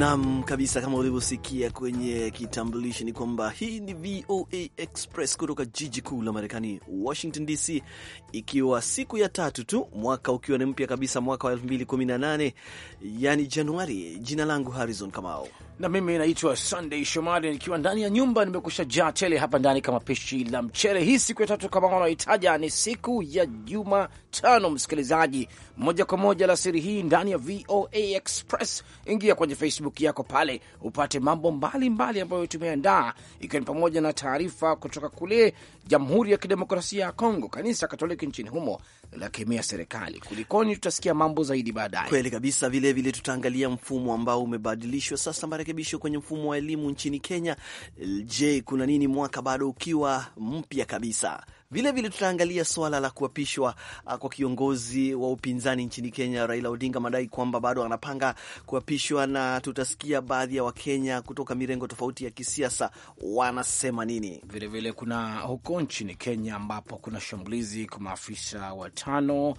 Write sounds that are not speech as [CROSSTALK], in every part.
Nam kabisa, kama ulivyosikia kwenye kitambulishi ni kwamba hii ni VOA Express kutoka jiji kuu la Marekani, Washington DC, ikiwa siku ya tatu tu, mwaka ukiwa ni mpya kabisa, mwaka wa 2018 yani Januari. Jina langu Harrison Kamao na mimi naitwa Sunday Shomari, nikiwa ndani ya nyumba nimekusha jaa tele hapa ndani kama pishi la mchele. Hii siku ya tatu kama wanaohitaja ni siku ya Jumatano, msikilizaji, moja kwa moja la siri hii ndani ya VOA Express. Ingia kwenye Facebook yako pale upate mambo mbalimbali ambayo tumeandaa, ikiwa ni pamoja na taarifa kutoka kule Jamhuri ya Kidemokrasia ya Kongo, kanisa Katoliki nchini humo la serikali kulikoni. Tutasikia mambo zaidi baadaye, kweli kabisa. Vilevile tutaangalia mfumo ambao umebadilishwa sasa Marekani marekebisho kwenye mfumo wa elimu nchini Kenya. Je, kuna nini mwaka bado ukiwa mpya kabisa? Vilevile tutaangalia swala la kuapishwa uh, kwa kiongozi wa upinzani nchini Kenya, Raila Odinga, madai kwamba bado anapanga kuapishwa, na tutasikia baadhi ya Wakenya kutoka mirengo tofauti ya kisiasa wanasema nini. Vilevile vile kuna huko nchini Kenya ambapo kuna shambulizi kwa maafisa watano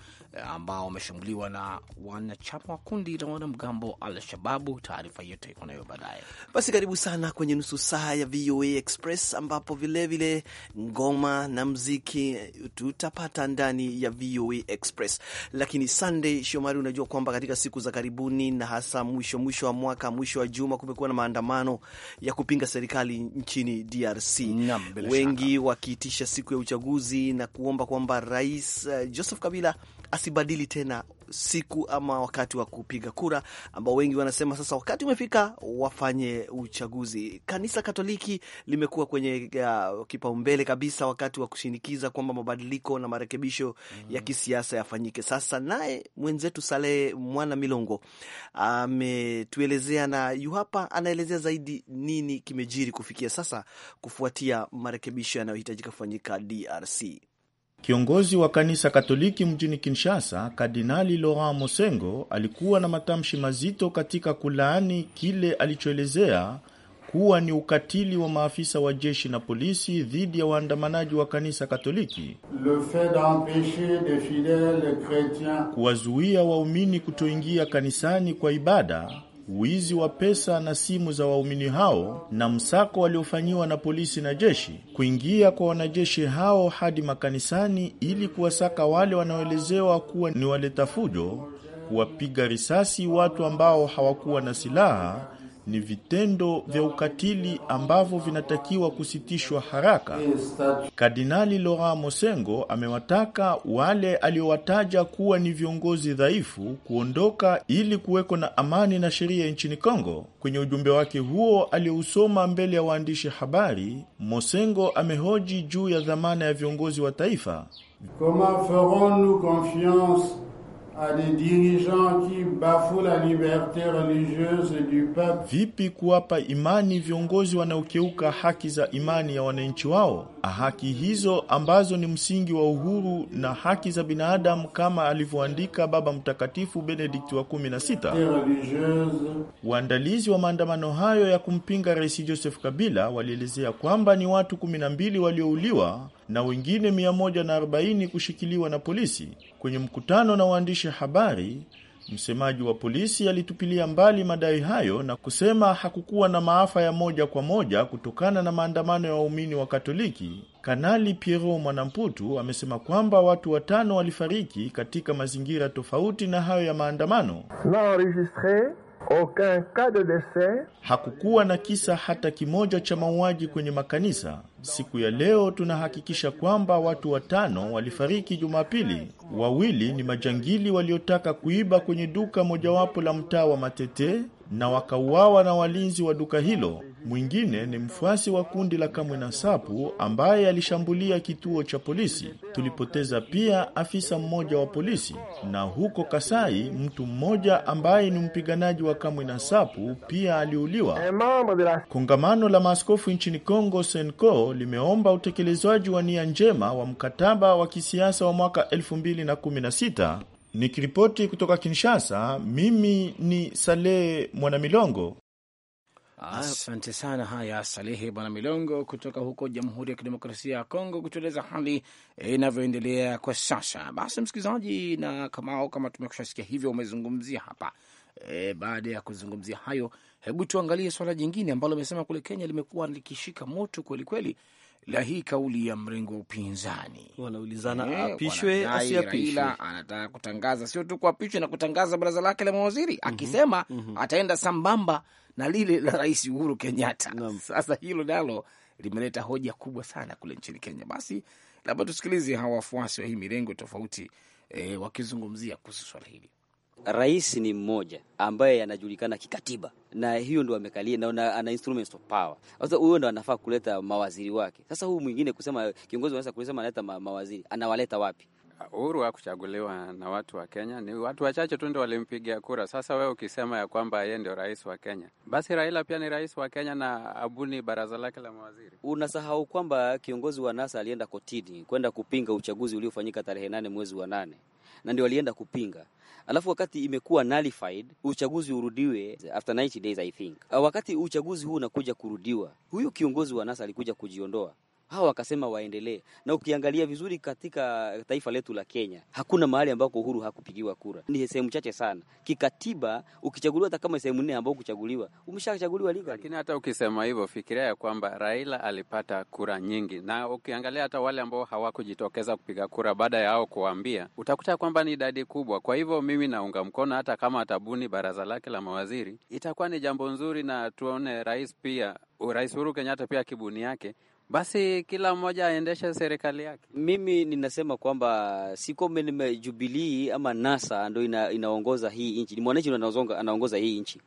ambao wameshambuliwa na wanachama wa kundi la wanamgambo Al-Shababu. Taarifa hiyo itakuwa nayo baadaye. Basi karibu sana kwenye nusu saa ya VOA Express, ambapo vilevile vile ngoma na mziki tutapata ndani ya VOA Express. Lakini Sunday Shomari, unajua kwamba katika siku za karibuni na hasa mwisho mwisho wa mwaka, mwisho wa juma, kumekuwa na maandamano ya kupinga serikali nchini DRC, wengi wakiitisha siku ya uchaguzi na kuomba kwamba Rais eh, Joseph Kabila asibadili tena siku ama wakati wa kupiga kura, ambao wengi wanasema sasa wakati umefika wafanye uchaguzi. Kanisa Katoliki limekuwa kwenye uh, kipaumbele kabisa wakati wa kushinikiza kwamba mabadiliko na marekebisho mm -hmm. ya mm-hmm. kisiasa yafanyike. Sasa naye mwenzetu Salehe Mwana Milongo ametuelezea na yu hapa anaelezea zaidi nini kimejiri kufikia sasa kufuatia marekebisho yanayohitajika kufanyika DRC. Kiongozi wa kanisa Katoliki mjini Kinshasa, Kardinali Laurent Mosengo alikuwa na matamshi mazito katika kulaani kile alichoelezea kuwa ni ukatili wa maafisa wa jeshi na polisi dhidi ya waandamanaji wa kanisa Katoliki, kuwazuia waumini kutoingia kanisani kwa ibada wizi wa pesa na simu za waumini hao na msako waliofanyiwa na polisi na jeshi, kuingia kwa wanajeshi hao hadi makanisani ili kuwasaka wale wanaoelezewa kuwa ni waleta fujo, kuwapiga risasi watu ambao hawakuwa na silaha ni vitendo vya ukatili ambavyo vinatakiwa kusitishwa haraka. Kardinali Laurent Mosengo amewataka wale aliowataja kuwa ni viongozi dhaifu kuondoka ili kuweko na amani na sheria nchini Kongo. Kwenye ujumbe wake huo aliousoma mbele ya waandishi habari, Mosengo amehoji juu ya dhamana ya viongozi wa taifa. Comment ferons-nous confiance à des dirigeants qui bafouent la liberté religieuse du peuple. Vipi kuwapa imani viongozi wanaokeuka haki za imani ya wananchi wao? Haki hizo ambazo ni msingi wa uhuru na haki za binadamu kama alivyoandika Baba Mtakatifu benedikti wa 16. Waandalizi wa maandamano hayo ya kumpinga Rais Joseph Kabila walielezea kwamba ni watu 12 waliouliwa na wengine 140 kushikiliwa na polisi. Kwenye mkutano na waandishi habari, msemaji wa polisi alitupilia mbali madai hayo na kusema hakukuwa na maafa ya moja kwa moja kutokana na maandamano ya waumini wa Katoliki. Kanali Piero Mwanamputu amesema kwamba watu watano walifariki katika mazingira tofauti na hayo ya maandamano. Hakukuwa na kisa hata kimoja cha mauaji kwenye makanisa. Siku ya leo tunahakikisha kwamba watu watano walifariki Jumapili. Wawili ni majangili waliotaka kuiba kwenye duka mojawapo la mtaa wa Matete na wakauawa na walinzi wa duka hilo. Mwingine ni mfuasi wa kundi la na Sapu ambaye alishambulia kituo cha polisi. Tulipoteza pia afisa mmoja wa polisi, na huko Kasai mtu mmoja ambaye ni mpiganaji wa na Sapu pia aliuliwa. Eh, Kongamano la maaskofu nchini congo Senco limeomba utekelezwaji wa nia njema wa mkataba wa kisiasa wa mwaka 2016 Nikiripoti kutoka Kinshasa, mimi ni Salehe Mwanamilongo. Asante sana. Haya, Salehe Bwana Milongo kutoka huko Jamhuri ya Kidemokrasia ya Kongo kutueleza hali eh, inavyoendelea kwa sasa. Basi msikilizaji, na Kamao, kama tumekushasikia hivyo, umezungumzia hapa e. Baada ya kuzungumzia hayo, hebu tuangalie swala jingine ambalo umesema kule Kenya limekuwa likishika moto kwelikweli kweli la hii kauli ya mrengo wa upinzani. Wanaulizana eh, apishwe asiapishwe. Anataka kutangaza sio tu kuapishwe na kutangaza baraza lake la mawaziri, mhm, akisema mm -hmm. ataenda sambamba na lile la Rais Uhuru Kenyatta. -hmm. Sasa hilo nalo limeleta hoja kubwa sana kule nchini Kenya. Basi labda tusikilize hawa wafuasi wa hii mirengo tofauti, eh, wakizungumzia kuhusu swala hili rais ni mmoja ambaye anajulikana kikatiba na hiyo ndo amekalia na ana instruments of power. Sasa huyo ndo anafaa kuleta mawaziri wake. Sasa huyu mwingine kusema kiongozi anaweza kusema analeta ma, mawaziri anawaleta wapi? Ah, Uhuru wa kuchaguliwa na watu wa Kenya ni watu wachache tu ndio walimpigia kura. Sasa wewe ukisema ya kwamba yeye ndio rais wa Kenya, basi Raila pia ni rais wa Kenya na abuni baraza lake la mawaziri. Unasahau kwamba kiongozi wa NASA alienda kotini kwenda kupinga uchaguzi uliofanyika tarehe nane mwezi wa nane na ndio alienda kupinga alafu wakati imekuwa nullified, uchaguzi urudiwe after 90 days I think. Wakati uchaguzi huu unakuja kurudiwa, huyu kiongozi wa NASA alikuja kujiondoa hawa wakasema waendelee. Na ukiangalia vizuri katika taifa letu la Kenya, hakuna mahali ambako uhuru hakupigiwa kura, ni sehemu chache sana. Kikatiba ukichaguliwa, hata kama sehemu nne ambao kuchaguliwa, umeshachaguliwa liga. Lakini hata ukisema hivyo, fikiria ya kwamba Raila alipata kura nyingi, na ukiangalia hata wale ambao hawakujitokeza kupiga kura, baada ya hao kuambia, utakuta kwamba ni idadi kubwa. Kwa hivyo mimi naunga mkono, hata kama atabuni baraza lake la mawaziri, itakuwa ni jambo nzuri, na tuone rais pia Rais Uhuru Kenyatta pia kibuni yake basi kila mmoja aendeshe serikali yake. Mimi ninasema kwamba si kwamba jubilii ama NASA ndo ina, inaongoza hii nchi, ni mwananchi ndo anaongoza hii nchi.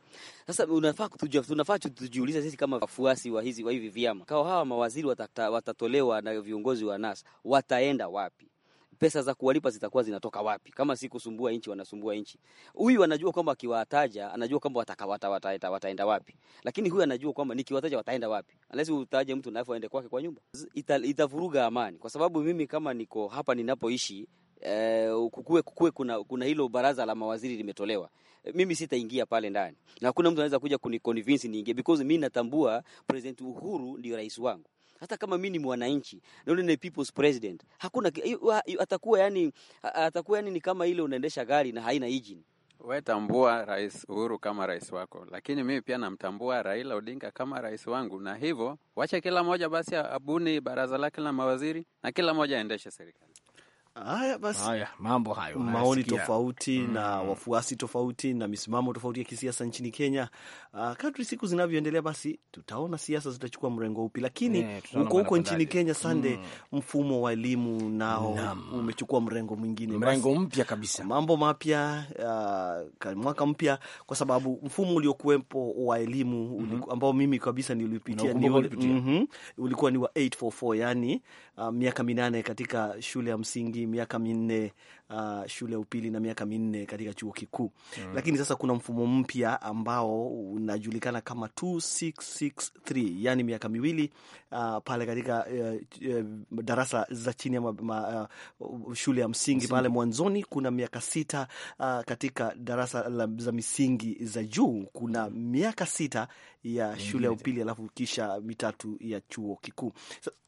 Sasa unafaa tunafaa tujiuliza sisi kama wafuasi wa hizi wa hivi vyama, kawa hawa mawaziri watata, watatolewa na viongozi wa NASA wataenda wapi? pesa za kuwalipa zitakuwa zinatoka wapi? Kama si kusumbua nchi, wanasumbua nchi. Huyu anajua kwamba akiwataja, anajua kwamba watakawata wataenda wataenda wapi, lakini huyu anajua kwamba nikiwataja wataenda wapi, unless utaje mtu nafu aende kwake kwa nyumba, ita, itavuruga amani, kwa sababu mimi kama niko hapa ninapoishi Uh, kukue, kukue kuna, kuna hilo baraza la mawaziri limetolewa. Mimi sitaingia pale ndani na hakuna mtu anaweza kuja kuniconvince niingie because mimi natambua President Uhuru ndio rais wangu. Hata kama mimi ni mwananchi na yule ni people's president, hakuna atakuwa yani, atakuwa yani ni kama ile unaendesha gari na haina engine. Wewe tambua Rais Uhuru kama rais wako, lakini mimi pia namtambua Raila Odinga kama rais wangu, na hivyo wacha kila mmoja basi abuni baraza lake la mawaziri na kila mmoja aendeshe serikali. Haya basi, haya mambo hayo, maoni tofauti mm, na mm. wafuasi tofauti na misimamo tofauti ya kisiasa nchini Kenya. Uh, kadri siku zinavyoendelea, basi tutaona siasa zitachukua mrengo upi, lakini eh, huko huko nchini Kenya sande, mm, mfumo wa elimu nao umechukua mrengo mwingine, mrengo mpya kabisa, mambo mapya uh, mwaka mpya, kwa sababu mfumo uliokuwepo wa elimu mm -hmm. ambao mimi kabisa nilipitia ni ul, mm -hmm, ulikuwa ni wa 844 yani uh, miaka minane katika shule ya msingi miaka minne uh, shule ya upili na miaka minne katika chuo kikuu mm. Lakini sasa kuna mfumo mpya ambao unajulikana kama 2663 yani miaka miwili uh, pale katika uh, uh, darasa za chini ma, uh, shule ya msingi, msingi. Pale mwanzoni kuna miaka sita uh, katika darasa la, za misingi za juu kuna mm. miaka sita ya shule ya upili alafu kisha mitatu ya chuo kikuu.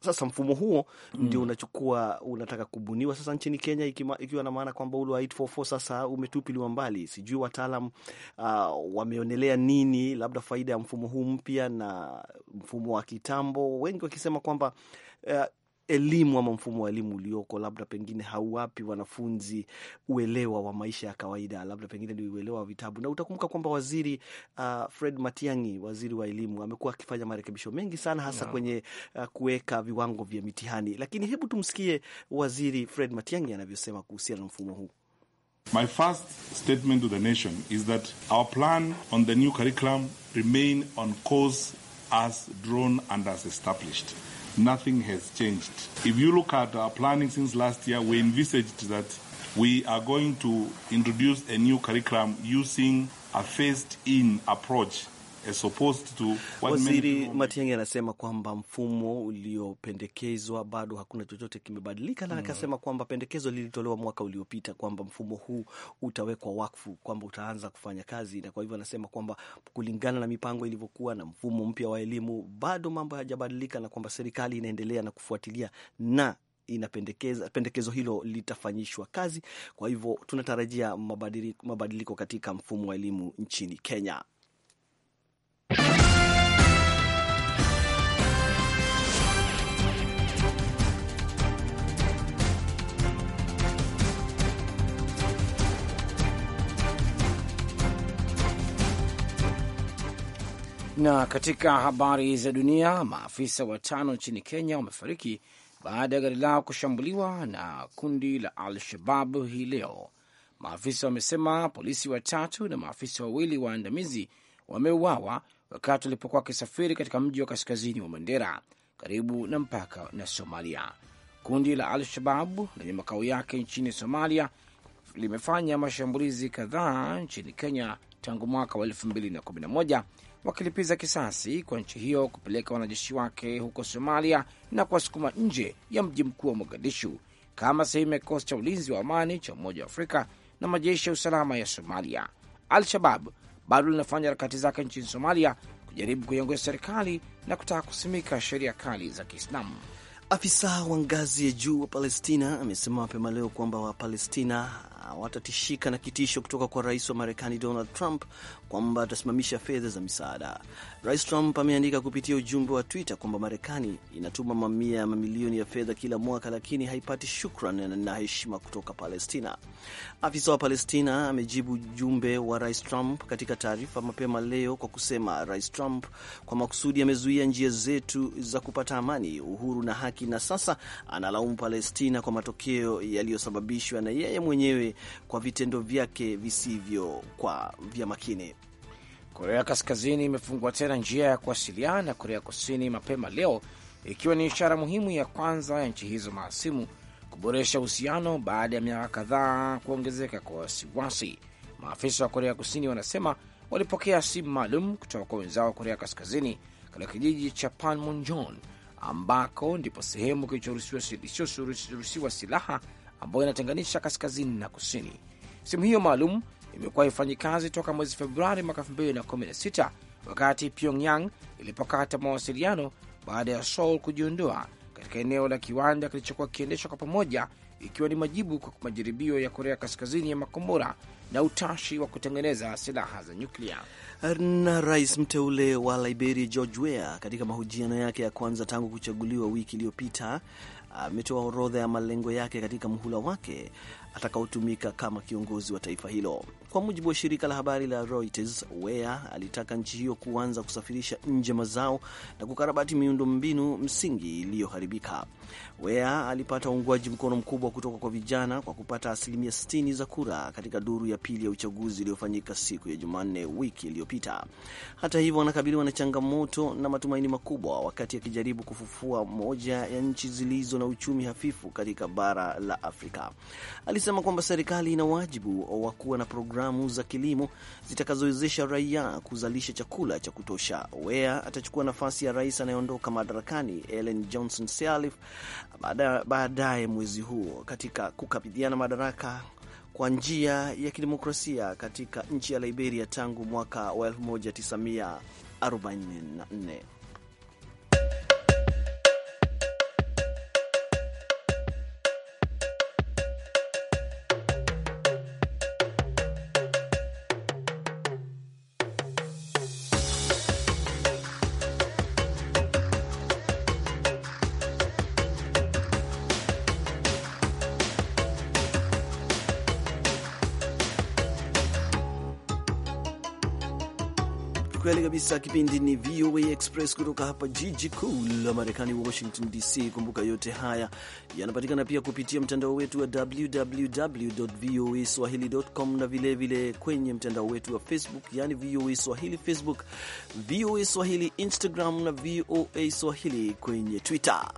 Sasa mfumo huo mm. ndio unachukua unataka kubuniwa sasa sasa nchini Kenya, ikiwa na maana kwamba ule wa 844 sasa umetupiliwa mbali. Sijui wataalam uh, wameonelea nini, labda faida ya mfumo huu mpya na mfumo wa kitambo, wengi wakisema kwamba uh, elimu ama mfumo wa elimu ulioko labda pengine hauwapi wanafunzi uelewa wa maisha ya kawaida, labda pengine ni uelewa wa vitabu. Na utakumbuka kwamba waziri uh, Fred Matiang'i, waziri wa elimu, amekuwa akifanya marekebisho mengi sana hasa no. kwenye uh, kuweka viwango vya mitihani. Lakini hebu tumsikie waziri Fred Matiang'i anavyosema kuhusiana na mfumo huu. My first statement to the nation is that our plan on the new curriculum remain on course as drawn and as established. nothing has changed. If you look at our planning since last year, we envisaged that we are going to introduce a new curriculum using a phased in approach as opposed to waziri Matiang'i anasema kwamba mfumo uliopendekezwa bado hakuna chochote kimebadilika, na mm. akasema mm, kwamba pendekezo lilitolewa mwaka uliopita kwamba mfumo huu utawekwa wakfu, kwamba utaanza kufanya kazi, na kwa hivyo anasema kwamba kulingana na mipango ilivyokuwa na mfumo mpya wa elimu bado mambo hayajabadilika, na kwamba serikali inaendelea na kufuatilia na inapendekeza pendekezo hilo litafanyishwa kazi. Kwa hivyo tunatarajia mabadiliko katika mfumo wa elimu nchini Kenya. Na katika habari za dunia, maafisa watano nchini Kenya wamefariki baada ya gari lao kushambuliwa na kundi la Al-Shabab hii leo. Maafisa wamesema polisi watatu na maafisa wawili waandamizi wameuawa wakati walipokuwa wakisafiri katika mji wa kaskazini wa Mandera karibu na mpaka na Somalia. Kundi la Al-Shababu lenye makao yake nchini Somalia limefanya mashambulizi kadhaa nchini Kenya tangu mwaka wa 2011 wakilipiza kisasi kwa nchi hiyo kupeleka wanajeshi wake huko Somalia na kuwasukuma nje ya mji mkuu wa Mogadishu kama sehemu ya kikosi cha ulinzi wa amani cha Umoja wa Afrika na majeshi ya usalama ya Somalia. Al-Shabab bado linafanya harakati zake nchini Somalia kujaribu kuiongoza serikali na kutaka kusimika sheria kali za Kiislamu. Afisa wa ngazi ya juu wa Palestina amesema mapema leo kwamba Wapalestina hawatatishika na kitisho kutoka kwa rais wa Marekani Donald Trump kwamba atasimamisha fedha za misaada. Rais Trump ameandika kupitia ujumbe wa Twitter kwamba Marekani inatuma mamia ya mamilioni ya fedha kila mwaka, lakini haipati shukran na heshima kutoka Palestina. Afisa wa Palestina amejibu ujumbe wa Rais Trump katika taarifa mapema leo kwa kusema, Rais Trump kwa makusudi amezuia njia zetu za kupata amani, uhuru na haki, na sasa analaumu Palestina kwa matokeo yaliyosababishwa na yeye mwenyewe kwa vitendo vyake visivyo kwa vya makini. Korea Kaskazini imefungua tena njia ya kuwasiliana na Korea Kusini mapema leo, ikiwa ni ishara muhimu ya kwanza ya nchi hizo maasimu kuboresha uhusiano baada ya miaka kadhaa kuongezeka kwa wasiwasi. Maafisa wa Korea Kusini wanasema walipokea simu maalum kutoka kwa wenzao wa Korea Kaskazini katika kijiji cha Panmunjom ambako ndipo sehemu kilichoruhusiwa silaha ambayo inatenganisha kaskazini na kusini. Simu hiyo maalum imekuwa ifanyi kazi toka mwezi Februari mwaka 2016 wakati Pyongyang ilipokata mawasiliano baada ya Seoul kujiondoa katika eneo la kiwanda kilichokuwa kiendeshwa kwa pamoja, ikiwa ni majibu kwa majaribio ya Korea Kaskazini ya makombora na utashi wa kutengeneza silaha za nyuklia. Na rais mteule wa Liberia George Weah katika mahojiano yake ya kwanza tangu kuchaguliwa wiki iliyopita ametoa orodha ya malengo yake katika mhula wake atakaotumika kama kiongozi wa taifa hilo. Kwa mujibu wa shirika la habari la Reuters, wea alitaka nchi hiyo kuanza kusafirisha nje mazao na kukarabati miundo mbinu msingi iliyoharibika. wea alipata uungwaji mkono mkubwa kutoka kwa vijana kwa kupata asilimia 60 za kura katika duru ya pili ya uchaguzi iliyofanyika siku ya Jumanne wiki iliyopita. Hata hivyo, anakabiliwa na changamoto na matumaini makubwa wakati akijaribu kufufua moja ya nchi zilizo na uchumi hafifu katika bara la Afrika. Alisema kwamba serikali ina wajibu wa kuwa na programu programu za kilimo zitakazowezesha raia kuzalisha chakula cha kutosha. wea atachukua nafasi ya rais anayeondoka madarakani Ellen Johnson Sirleaf baadaye mwezi huu katika kukabidhiana madaraka kwa njia ya kidemokrasia katika nchi ya Liberia tangu mwaka wa 1944. kweli kabisa. Kipindi ni VOA Express kutoka hapa jiji kuu la Marekani, Washington DC. Kumbuka yote haya yanapatikana pia kupitia mtandao wetu wa www voa swahili.com na vilevile vile kwenye mtandao wetu wa Facebook, yani VOA Swahili Facebook, VOA Swahili Instagram na VOA Swahili kwenye Twitter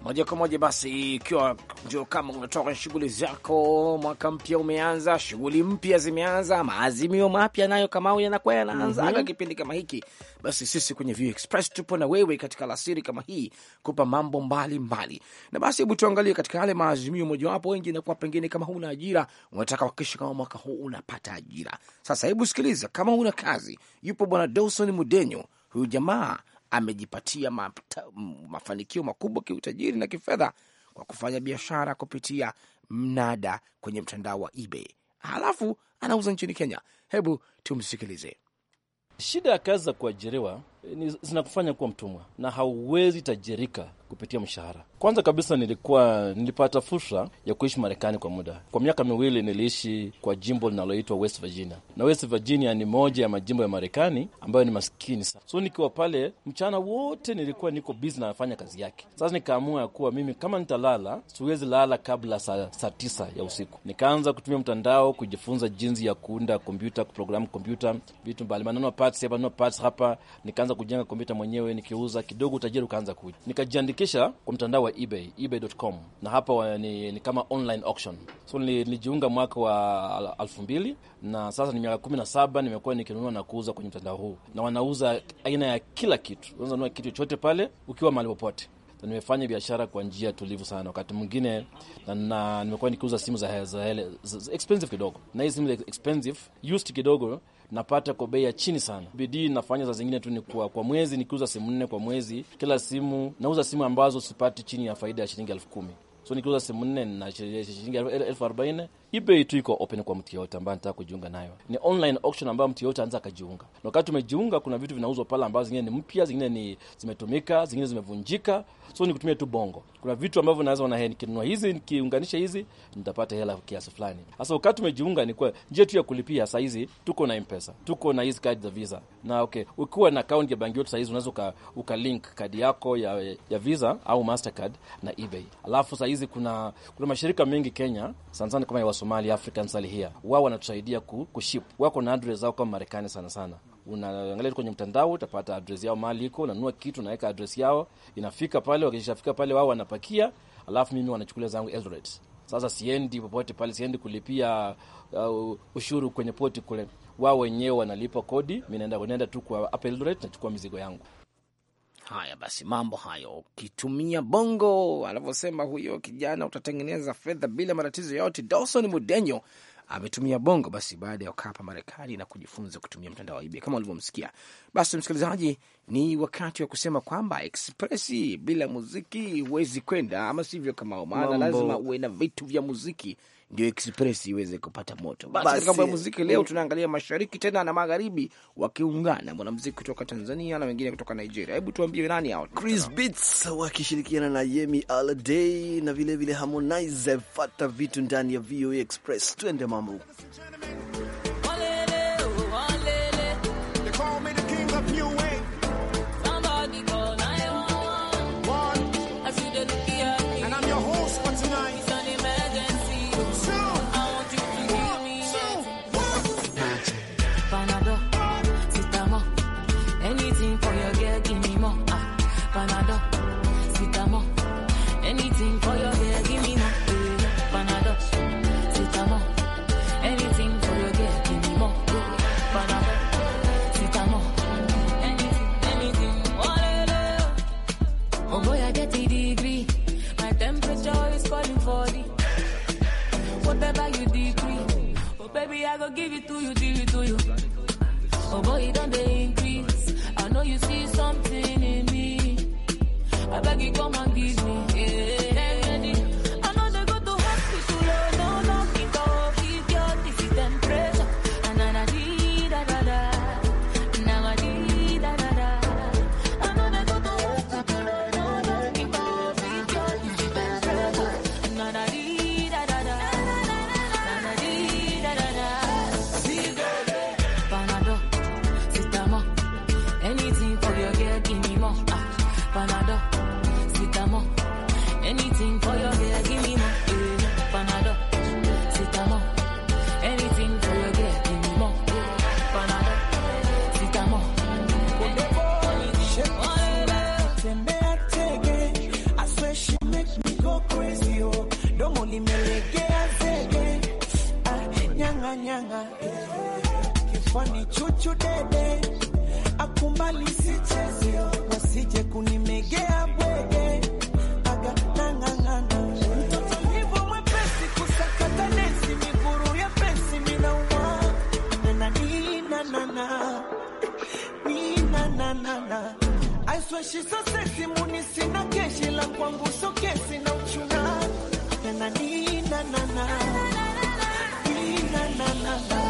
moja kwa moja basi, ikiwa ndio kama unatoka kwenye shughuli zako, mwaka mpya umeanza, shughuli mpya zimeanza, maazimio mapya nayo Kamau yanakuwa yanaanzaga mm -hmm. Kipindi kama hiki basi, sisi kwenye View Express tupo na wewe katika alasiri kama hii kupa mambo mbalimbali mbali. Na basi hebu tuangalie katika yale maazimio, mojawapo wengi inakuwa pengine kama huna ajira, unataka kuhakikisha kama mwaka huu unapata ajira. Sasa hebu sikiliza, kama huna kazi, yupo bwana Dawson Mudenyo, huyu jamaa amejipatia mafanikio makubwa kiutajiri na kifedha kwa kufanya biashara kupitia mnada kwenye mtandao wa eBay, halafu anauza nchini Kenya. Hebu tumsikilize. Shida ya kazi za kuajiriwa zinakufanya kuwa mtumwa na hauwezi tajirika kupitia mshahara. Kwanza kabisa, nilikuwa nilipata fursa ya kuishi Marekani kwa muda. Kwa miaka miwili niliishi kwa jimbo linaloitwa West Virginia, na West Virginia ni moja ya majimbo ya Marekani ambayo ni maskini sana. So nikiwa pale mchana wote nilikuwa niko busy na nafanya kazi yake. Sasa nikaamua ya kuwa mimi kama nitalala, siwezi lala kabla saa sa tisa ya usiku. Nikaanza kutumia mtandao kujifunza jinsi ya kuunda kompyuta, kuprogramu kompyuta, vitu mbalimbali, hapa nikaanza nikaanza kujenga kompyuta mwenyewe nikiuza kidogo, utajiri ukaanza kuja. Nikajiandikisha kwa mtandao wa eBay, ebay.com, na hapa ni, ni kama online auction. So nilijiunga mwaka wa elfu mbili na sasa ni miaka kumi na saba nimekuwa nikinunua na kuuza kwenye mtandao huu, na wanauza aina ya kila kitu. Unaweza nunua kitu chochote pale ukiwa mahali popote. Nimefanya biashara kwa njia tulivu sana. Wakati mwingine na nimekuwa nikiuza simu za, za, za, za expensive kidogo, na hii simu expensive used kidogo napata kwa bei ya chini sana. Bidii nafanya za zingine tu ni kwa, kwa mwezi nikiuza simu nne kwa mwezi, kila simu nauza simu ambazo sipati chini ya faida ya shilingi elfu kumi so nikiuza simu nne na shilingi elfu arobaini eBay tu iko open kwa mtu yote ambaye anataka kujiunga nayo. Ni online auction ambayo mtu yote anaweza akajiunga, na wakati umejiunga, kuna vitu vinauzwa pale ambazo zingine ni mpya, zingine ni zimetumika, zingine zimevunjika, so ni kutumia tu bongo. Kuna vitu ambavyo naweza ona, nikinunua hizi, nikiunganisha hizi, nitapata hela kiasi fulani. Sasa wakati umejiunga, ni kwa njia tu ya kulipia. Saa hizi tuko na mpesa, tuko na hizi kadi za Visa na okay, ukiwa na account ya banki yote saa hizi unaweza ukalink kadi yako ya, ya Visa au Mastercard na eBay. Alafu saa hizi kuna kuna mashirika mengi Kenya sana sana kama ya Somali African Salihia, wao wanatusaidia kuship, wako na address zao kama Marekani sana sana unaangalia kwenye mtandao utapata adres yao mahali iko, unanunua kitu, unaweka adres yao, inafika pale. Wakishafika pale, wao wanapakia, alafu mimi wanachukulia zangu Eldoret. Sasa siendi popote pale, siendi kulipia uh, ushuru kwenye poti kule, wao wenyewe wanalipa kodi, mi naenda tu kwa Eldoret, nachukua mizigo yangu. Haya basi, mambo hayo ukitumia bongo anavyosema huyo kijana, utatengeneza fedha bila matatizo yote. Dawson Mudenyo ametumia bongo basi, baada ya kukaa hapa Marekani na kujifunza kutumia mtandao wa IBM kama ulivyomsikia. Basi msikilizaji, ni wakati wa kusema kwamba ekspresi bila muziki huwezi kwenda, ama sivyo? Kama maana lazima uwe na vitu vya muziki ndio express iweze kupata moto. Basi kama muziki leo tunaangalia mashariki tena na magharibi wakiungana, mwanamuziki kutoka Tanzania na wengine kutoka Nigeria. Hebu tuambie nani hao? Chris Beats wakishirikiana na Yemi Alade na vile vile Harmonize, fata vitu ndani ya VOA e Express, twende mambo Baby, I go give it to you, give it to you. Oh boy, it don't they increase. I know you see something in me. I beg you, come and give me. Yeah. limelegea zege, ah, nyanga nyanga, chuchu dede, akumbali sicheze, wasije kunimegea bwege, aga hivyo mwepesi kusakata nesi miguru ya pesi minauma munisina keshi la kwangu sokesi na uchuna na na na na na na na na na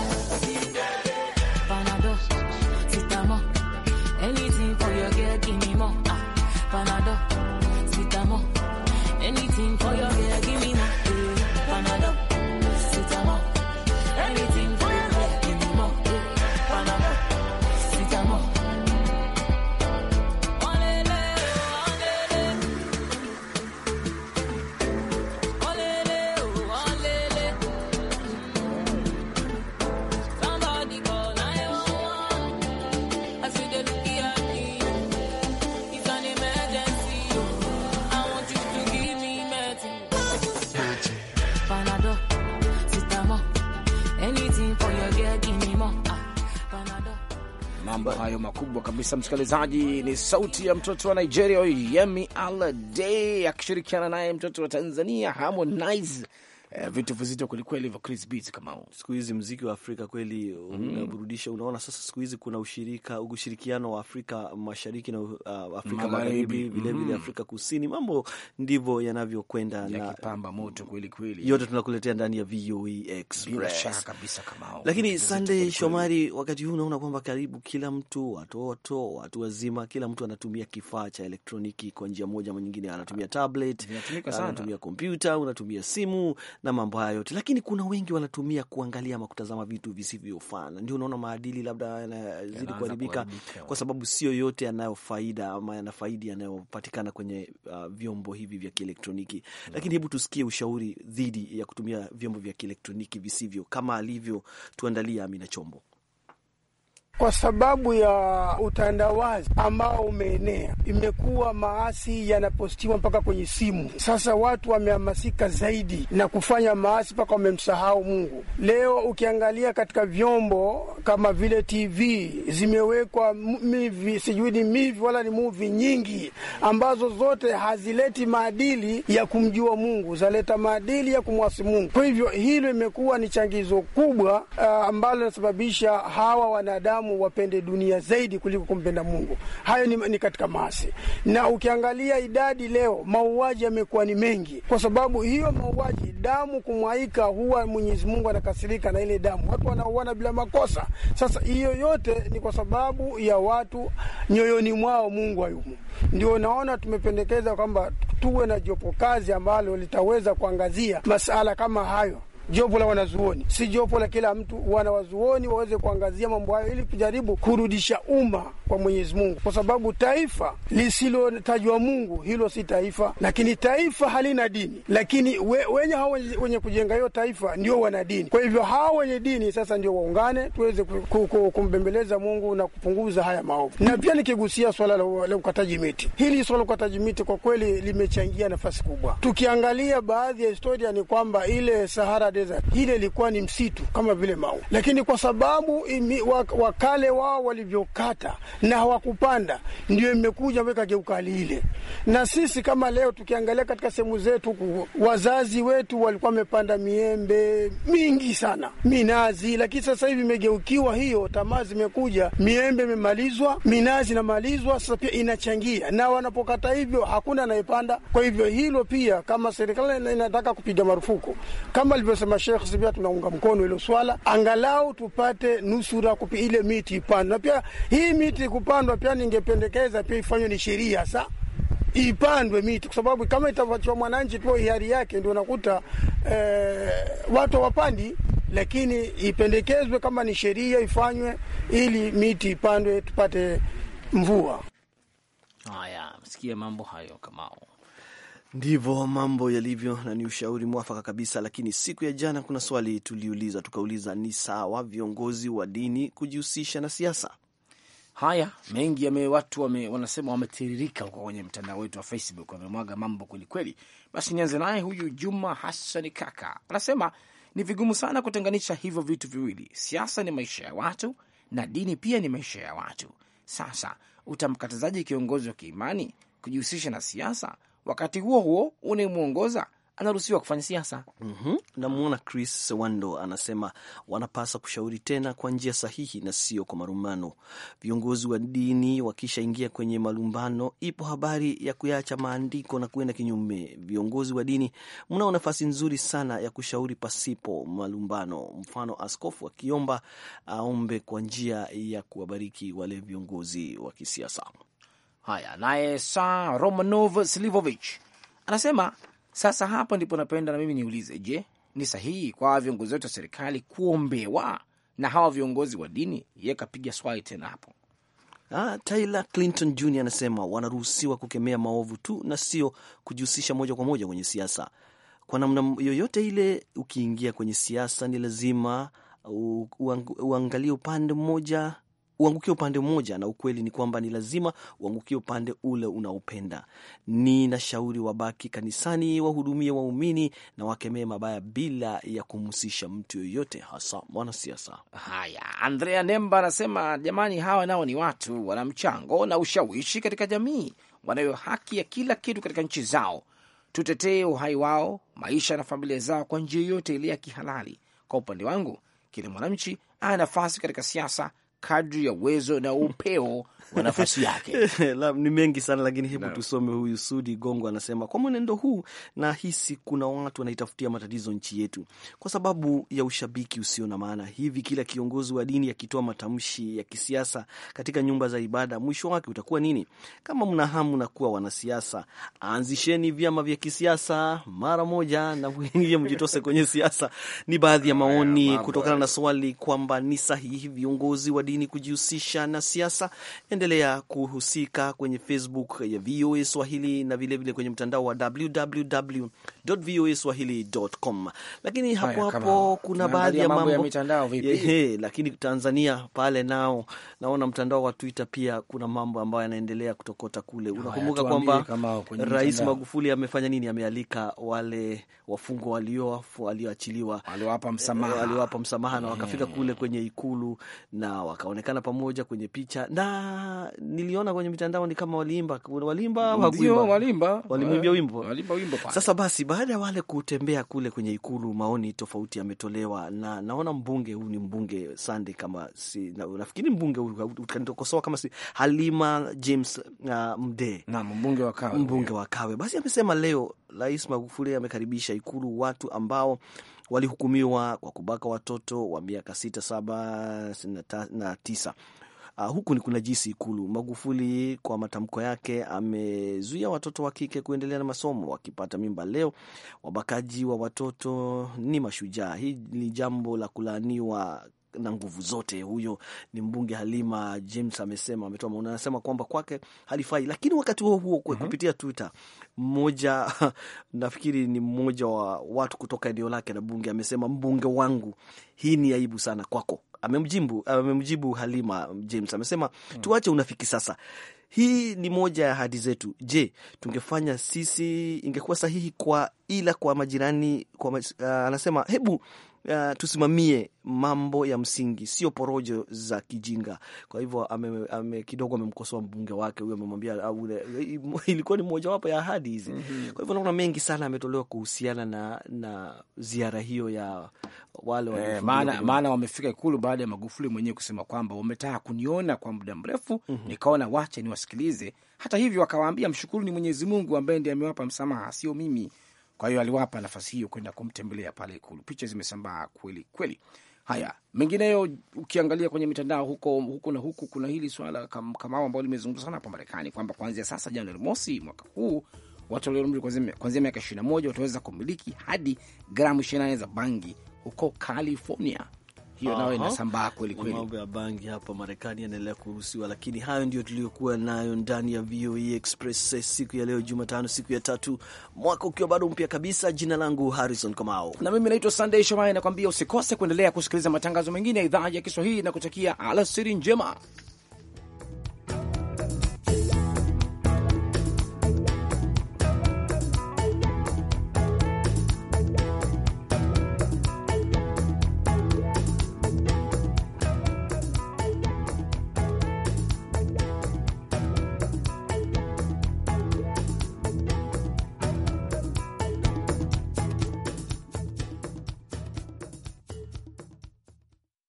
kabisa msikilizaji, ni sauti ya mtoto wa Nigeria Yemi Alade akishirikiana naye mtoto wa Tanzania Harmonize eh, vitu vizito kwelikweli vya Chris Beats. Kama siku hizi mziki wa Afrika kweli uh, mm-hmm. unaburudisha. Mm. Unaona sasa siku hizi kuna ushirika, ushirikiano wa Afrika Mashariki na uh, Afrika Magharibi vilevile mm. Mm-hmm. Afrika Kusini, mambo ndivyo yanavyokwenda ya na moto kwelikweli, yote tunakuletea ndani ya VOA e Express kabisa. Kama lakini Sunday Shomari, wakati huu unaona kwamba karibu kila mtu, watoto, watu wazima, kila mtu anatumia kifaa cha elektroniki kwa njia moja ama nyingine, anatumia ah, tablet, anatumia kompyuta, unatumia simu na mambo haya yote, lakini kuna wengi wanatumia kuangalia ama kutazama vitu visivyofana. Ndio unaona maadili labda yanazidi kuharibika, kwa sababu sio yote yanayo faida ama yana faidi yanayopatikana kwenye uh, vyombo hivi vya kielektroniki. Mm. Lakini hebu tusikie ushauri dhidi ya kutumia vyombo vya kielektroniki visivyo, kama alivyo tuandalia Amina Chombo kwa sababu ya utandawazi ambao umeenea. Imekuwa maasi yanapostiwa mpaka kwenye simu. Sasa watu wamehamasika zaidi na kufanya maasi mpaka wamemsahau Mungu. Leo ukiangalia katika vyombo kama vile TV zimewekwa mivi, sijui ni mivi wala ni muvi nyingi, ambazo zote hazileti maadili ya kumjua Mungu, zaleta maadili ya kumwasi Mungu. Kwa hivyo hilo imekuwa ni changizo kubwa uh, ambalo linasababisha hawa wanadamu wanadamu wapende dunia zaidi kuliko kumpenda Mungu. Hayo ni, ni katika maasi, na ukiangalia idadi leo mauaji yamekuwa ni mengi, kwa sababu hiyo mauaji, damu kumwaika, huwa Mwenyezi Mungu anakasirika na ile damu, watu wanauana bila makosa. Sasa hiyo yote ni kwa sababu ya watu nyoyoni mwao Mungu hayumo. Ndio naona tumependekeza kwamba tuwe na jopo kazi ambalo litaweza kuangazia masala kama hayo jopo la wanazuoni, si jopo la kila mtu. Wanawazuoni waweze kuangazia mambo hayo ili kujaribu kurudisha umma kwa Mwenyezi Mungu, kwa sababu taifa lisilotajwa Mungu hilo si taifa, lakini taifa halina dini, lakini we, wenye hao wenye kujenga hiyo taifa ndio wana dini. Kwa hivyo hao wenye dini sasa ndio waungane, tuweze kumbembeleza Mungu na kupunguza haya maovu. Na pia nikigusia swala la ukataji miti, hili swala la ukataji miti kwa kweli limechangia nafasi kubwa. Tukiangalia baadhi ya historia ni kwamba ile Sahara desert. Ile ilikuwa ni msitu kama vile mau, lakini kwa sababu imi, wakale wao walivyokata na hawakupanda, ndio imekuja weka geukali ile. Na sisi kama leo tukiangalia katika sehemu zetu, wazazi wetu walikuwa wamepanda miembe mingi sana, minazi, lakini sasa hivi imegeukiwa hiyo, tamaa zimekuja, miembe imemalizwa, minazi inamalizwa. Sasa pia inachangia na wanapokata hivyo, hakuna anayepanda. Kwa hivyo hilo pia kama serikali inataka kupiga marufuku kama alivyo Tunasema Sheikh Zibia, tunaunga mkono hilo swala, angalau tupate nusura kupi ile miti ipandwe, na pia hii miti kupandwa pia ningependekeza pia ifanywe ni sheria sa ipandwe miti kwa sababu kama itawachwa mwananchi tu hiari yake, ndio unakuta eh, watu wapandi lakini ipendekezwe kama ni sheria ifanywe ili miti ipandwe tupate mvua. Haya, msikie mambo hayo Kamao. Ndivyo mambo yalivyo, na ni ushauri mwafaka kabisa. Lakini siku ya jana kuna swali tuliuliza, tukauliza ni sawa viongozi wa dini kujihusisha na siasa? Haya mengi yame, watu wame, wanasema wametiririka huko kwenye mtandao wetu wa Facebook, wamemwaga mambo kwelikweli. Basi nianze naye huyu Juma Hassan Kaka, anasema ni vigumu sana kutenganisha hivyo vitu viwili. Siasa ni maisha ya watu na dini pia ni maisha ya watu. Sasa utamkatazaji kiongozi wa kiimani kujihusisha na siasa wakati huo huo unayemwongoza anaruhusiwa kufanya siasa. mm -hmm. Namwona Chris Sewando anasema wanapasa kushauri tena kwa njia sahihi na sio kwa marumbano. Viongozi wa dini wakishaingia kwenye malumbano, ipo habari ya kuyacha maandiko na kuenda kinyume. Viongozi wa dini, mnao nafasi nzuri sana ya kushauri pasipo malumbano. Mfano, askofu akiomba aombe kwa njia ya kuwabariki wale viongozi wa kisiasa. Haya, naye Sa Romanov Slivovich anasema sasa hapo ndipo napenda na mimi niulize, je, ni sahihi kwa viongozi wetu wa serikali kuombewa na hawa viongozi wa dini? yekapiga kapiga swali tena hapo. Ah, Tyler Clinton Jr anasema wanaruhusiwa kukemea maovu tu na sio kujihusisha moja kwa moja kwenye siasa kwa namna yoyote ile. Ukiingia kwenye siasa, ni lazima uangalie upande mmoja uangukie upande mmoja, na ukweli ni kwamba ni lazima uangukie upande ule unaopenda. Ninashauri wabaki kanisani, wahudumie waumini na wakemee mabaya bila ya kumhusisha mtu yoyote, hasa mwanasiasa. Haya, Andrea Nemba anasema jamani, hawa nao ni watu, wana mchango na ushawishi katika jamii, wanayo haki ya kila kitu katika nchi zao. Tutetee uhai wao, maisha na familia zao kwa njia yoyote ile ya kihalali. Kwa upande wangu, kila mwananchi ana nafasi katika siasa kadri ya uwezo na upeo wa nafasi [LAUGHS] yake. Ni mengi sana lakini hebu no. tusome huyu Sudi Gongo anasema, kwa mwenendo huu nahisi kuna watu wanaitafutia matatizo nchi yetu kwa sababu ya ushabiki usio na maana. Hivi kila kiongozi wa dini akitoa matamshi ya kisiasa katika nyumba za ibada, mwisho wake utakuwa nini? Kama mna hamu na kuwa wanasiasa, aanzisheni vyama vya kisiasa mara moja na wengie mjitose kwenye siasa. Ni baadhi ya maoni kutokana na swali kwamba ni sahihi viongozi wa dini kujihusisha na siasa, endelea kuhusika kwenye Facebook ya VOA Swahili na vilevile vile kwenye mtandao wa www voa swahili.com. Lakini hapo hapo kuna baadhi ya mambo ya mitandao vipi? Ye, lakini Tanzania pale nao naona mtandao wa Twitter pia kuna mambo ambayo yanaendelea kutokota kule. Unakumbuka kwamba Rais Magufuli amefanya nini? Amealika wale wafungwa walioachiliwa, aliwapa msamaha, eh, aliwapa msamaha na wakafika eh. kule kwenye Ikulu na wakaonekana pamoja kwenye picha, na niliona kwenye mitandao ni kama walimba walimba walimba walimwimbia wimbo eh, walimba wimbo. Sasa basi, baada ya wale kutembea kule kwenye Ikulu, maoni tofauti yametolewa, na naona mbunge huyu ni mbunge Sande, kama si nafikiri mbunge huyu ukanitokosoa kama si Halima James uh, Mdee na mbunge wa Kawe, mbunge wa Kawe, basi amesema leo Rais Magufuli amekaribisha Ikulu watu ambao walihukumiwa kwa kubaka watoto wa miaka sita, saba na tisa. Uh, huku ni kunajisi Ikulu. Magufuli kwa matamko yake amezuia watoto wa kike kuendelea na masomo wakipata mimba leo. Wabakaji wa watoto ni mashujaa, hii ni jambo la kulaaniwa na nguvu zote. Huyo ni mbunge Halima James amesema, ametoa maoni, anasema kwamba kwake halifai. Lakini wakati huo huo kwe, mhm. kupitia Twitter mmoja [LAUGHS] nafikiri ni mmoja wa watu kutoka eneo lake na bunge amesema, mbunge wangu, hii ni aibu sana kwako. Amemjibu, amemjibu Halima James amesema mm. tuache unafiki sasa hii ni moja ya ahadi zetu. Je, tungefanya sisi ingekuwa sahihi kwa ila kwa majirani kwa maj... Uh, anasema hebu uh, tusimamie mambo ya msingi, sio porojo za kijinga. Kwa hivyo ame, ame, kidogo amemkosoa mbunge wake huyo, amemwambia ah, [LAUGHS] ilikuwa ni mojawapo ya ahadi hizi mm -hmm. Kwa hivyo naona mengi sana ametolewa kuhusiana na, na ziara hiyo ya wale eh, maana wamefika Ikulu baada ya Magufuli mwenyewe kusema kwamba wametaka kuniona kwa muda mrefu mm -hmm. Nikaona wache niwasikilize. Hata hivyo akawaambia mshukuru Mwenyezi Mungu ambaye ndiye amewapa msamaha, sio mimi kwa hiyo aliwapa nafasi hiyo kwenda kumtembelea pale Ikulu. Picha zimesambaa kweli kweli. Haya, mengineyo ukiangalia kwenye mitandao huko huku na huku, kuna hili swala kam, kamao ambao limezungumza sana hapa Marekani kwamba kuanzia sasa Januari mosi mwaka huu watu walio umri kuanzia miaka 21 wataweza kumiliki hadi gramu 28 za bangi huko California hiyo nayo inasambaa kweli kweli. Mambo ya bangi hapa Marekani yanaendelea kuruhusiwa, lakini hayo ndio tuliyokuwa nayo ndani ya voe Express siku ya leo Jumatano, siku ya tatu, mwaka ukiwa bado mpya kabisa. Jina langu Harrison Kamao, na mimi naitwa Sunday Shomari, nakwambia usikose kuendelea kusikiliza matangazo mengine ya idhaa ya Kiswahili na kutakia alasiri njema.